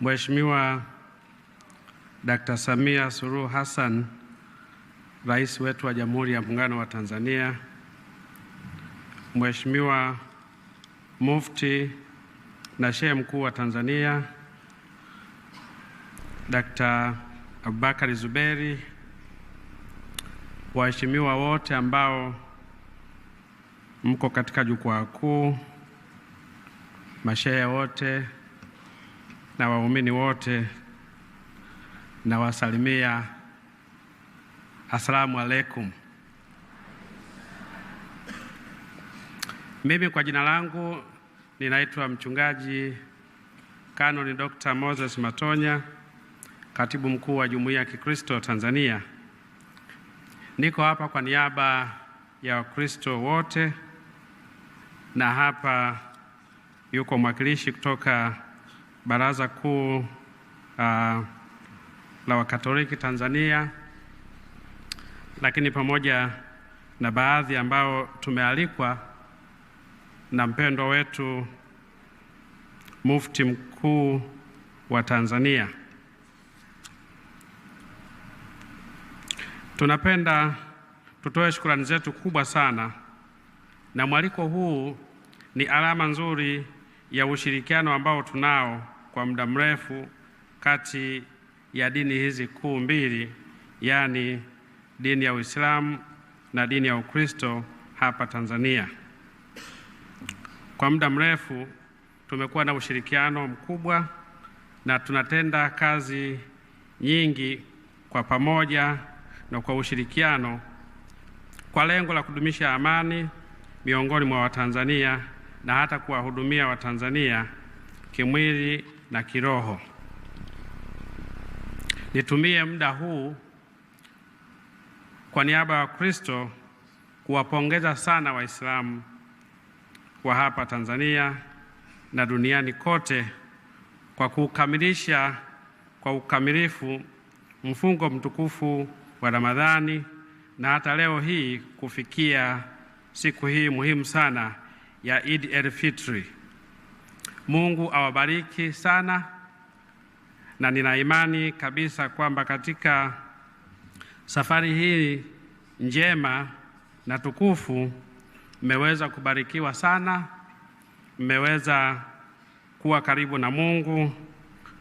Mheshimiwa Dr. Samia Suluhu Hassan, Rais wetu wa Jamhuri ya Muungano wa Tanzania, Mheshimiwa Mufti na Shehe Mkuu wa Tanzania Dr. Abubakari Zuberi, waheshimiwa wote ambao mko katika jukwaa kuu, mashehe wote na waumini wote nawasalimia, asalamu alaikum. Mimi kwa jina langu ninaitwa mchungaji Kanoni Dr. Moses Matonya, katibu mkuu wa Jumuiya ya Kikristo Tanzania. Niko hapa kwa niaba ya Wakristo wote na hapa yuko mwakilishi kutoka Baraza Kuu uh, la Wakatoliki Tanzania, lakini pamoja na baadhi ambao tumealikwa na mpendwa wetu Mufti Mkuu wa Tanzania. Tunapenda tutoe shukrani zetu kubwa sana, na mwaliko huu ni alama nzuri ya ushirikiano ambao tunao kwa muda mrefu kati ya dini hizi kuu mbili, yaani dini ya Uislamu na dini ya Ukristo hapa Tanzania. Kwa muda mrefu tumekuwa na ushirikiano mkubwa na tunatenda kazi nyingi kwa pamoja na kwa ushirikiano kwa lengo la kudumisha amani miongoni mwa Watanzania na hata kuwahudumia Watanzania kimwili na kiroho. Nitumie muda huu kwa niaba ya Wakristo kuwapongeza sana Waislamu wa hapa Tanzania na duniani kote kwa kukamilisha kwa ukamilifu mfungo mtukufu wa Ramadhani na hata leo hii kufikia siku hii muhimu sana ya Eid el-Fitri. Mungu awabariki sana, na nina imani kabisa kwamba katika safari hii njema na tukufu mmeweza kubarikiwa sana, mmeweza kuwa karibu na Mungu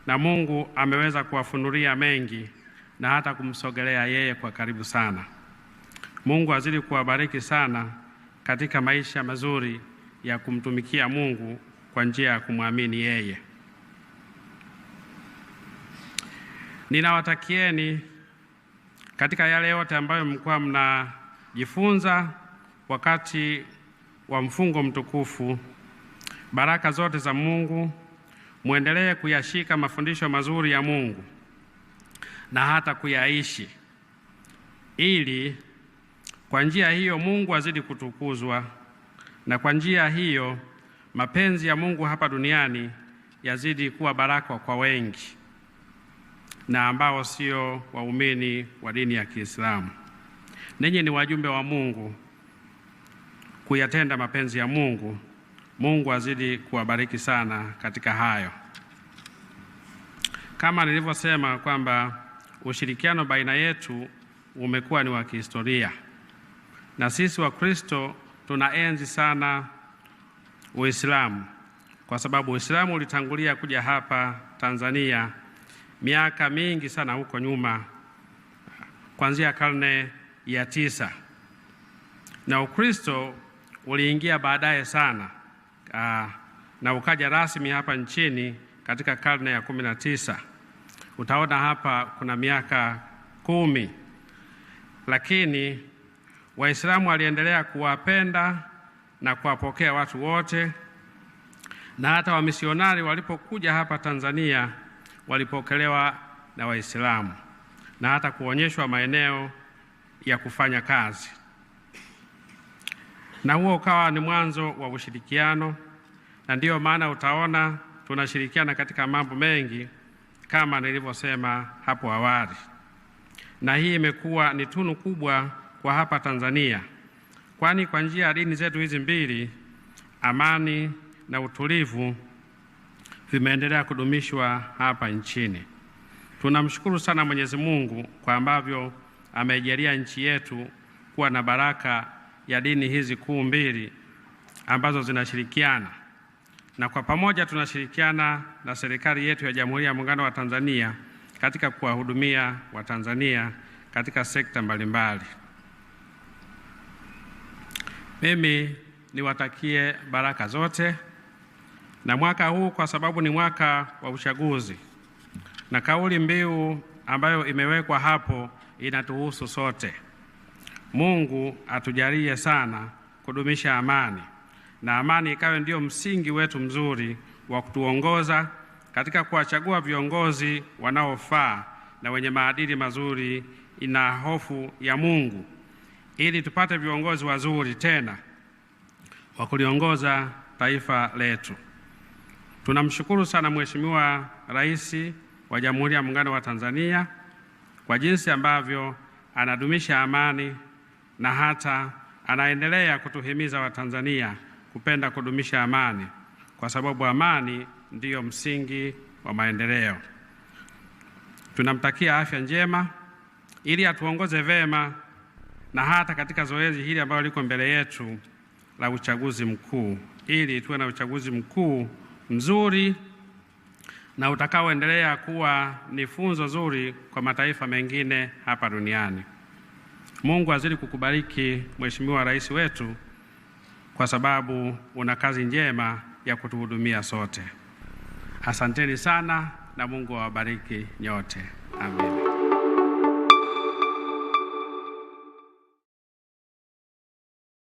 na Mungu ameweza kuwafunulia mengi na hata kumsogelea yeye kwa karibu sana. Mungu azidi kuwabariki sana katika maisha mazuri ya kumtumikia Mungu kwa njia ya kumwamini yeye. Ninawatakieni katika yale yote ambayo mlikuwa mnajifunza wakati wa mfungo mtukufu, baraka zote za Mungu, muendelee kuyashika mafundisho mazuri ya Mungu na hata kuyaishi, ili kwa njia hiyo Mungu azidi kutukuzwa na kwa njia hiyo mapenzi ya Mungu hapa duniani yazidi kuwa baraka kwa wengi na ambao sio waumini wa dini ya Kiislamu. Ninyi ni wajumbe wa Mungu kuyatenda mapenzi ya Mungu. Mungu azidi kuwabariki sana katika hayo. Kama nilivyosema kwamba ushirikiano baina yetu umekuwa ni wa kihistoria, na sisi Wakristo tunaenzi sana Uislamu kwa sababu Uislamu ulitangulia kuja hapa Tanzania miaka mingi sana huko nyuma, kuanzia karne ya tisa, na Ukristo uliingia baadaye sana aa, ah, na ukaja rasmi hapa nchini katika karne ya kumi na tisa. Utaona hapa kuna miaka kumi, lakini Waislamu waliendelea kuwapenda na kuwapokea watu wote, na hata wamisionari walipokuja hapa Tanzania walipokelewa na Waislamu na hata kuonyeshwa maeneo ya kufanya kazi, na huo ukawa ni mwanzo wa ushirikiano, na ndiyo maana utaona tunashirikiana katika mambo mengi kama nilivyosema hapo awali, na hii imekuwa ni tunu kubwa kwa hapa Tanzania, kwani kwa njia ya dini zetu hizi mbili amani na utulivu vimeendelea kudumishwa hapa nchini. Tunamshukuru sana Mwenyezi Mungu kwa ambavyo ameijalia nchi yetu kuwa na baraka ya dini hizi kuu mbili ambazo zinashirikiana, na kwa pamoja tunashirikiana na serikali yetu ya Jamhuri ya Muungano wa Tanzania katika kuwahudumia Watanzania katika sekta mbalimbali. Mimi niwatakie baraka zote na mwaka huu, kwa sababu ni mwaka wa uchaguzi na kauli mbiu ambayo imewekwa hapo inatuhusu sote. Mungu atujalie sana kudumisha amani na amani ikawe ndio msingi wetu mzuri wa kutuongoza katika kuwachagua viongozi wanaofaa na wenye maadili mazuri ina hofu ya Mungu ili tupate viongozi wazuri tena wa kuliongoza taifa letu. Tunamshukuru sana Mheshimiwa Rais wa Jamhuri ya Muungano wa Tanzania kwa jinsi ambavyo anadumisha amani na hata anaendelea kutuhimiza Watanzania kupenda kudumisha amani kwa sababu amani ndiyo msingi wa maendeleo. Tunamtakia afya njema ili atuongoze vema na hata katika zoezi hili ambalo liko mbele yetu la uchaguzi mkuu, ili tuwe na uchaguzi mkuu mzuri na utakaoendelea kuwa ni funzo zuri kwa mataifa mengine hapa duniani. Mungu azidi kukubariki Mheshimiwa Rais wetu, kwa sababu una kazi njema ya kutuhudumia sote. Asanteni sana na Mungu awabariki nyote. Amen.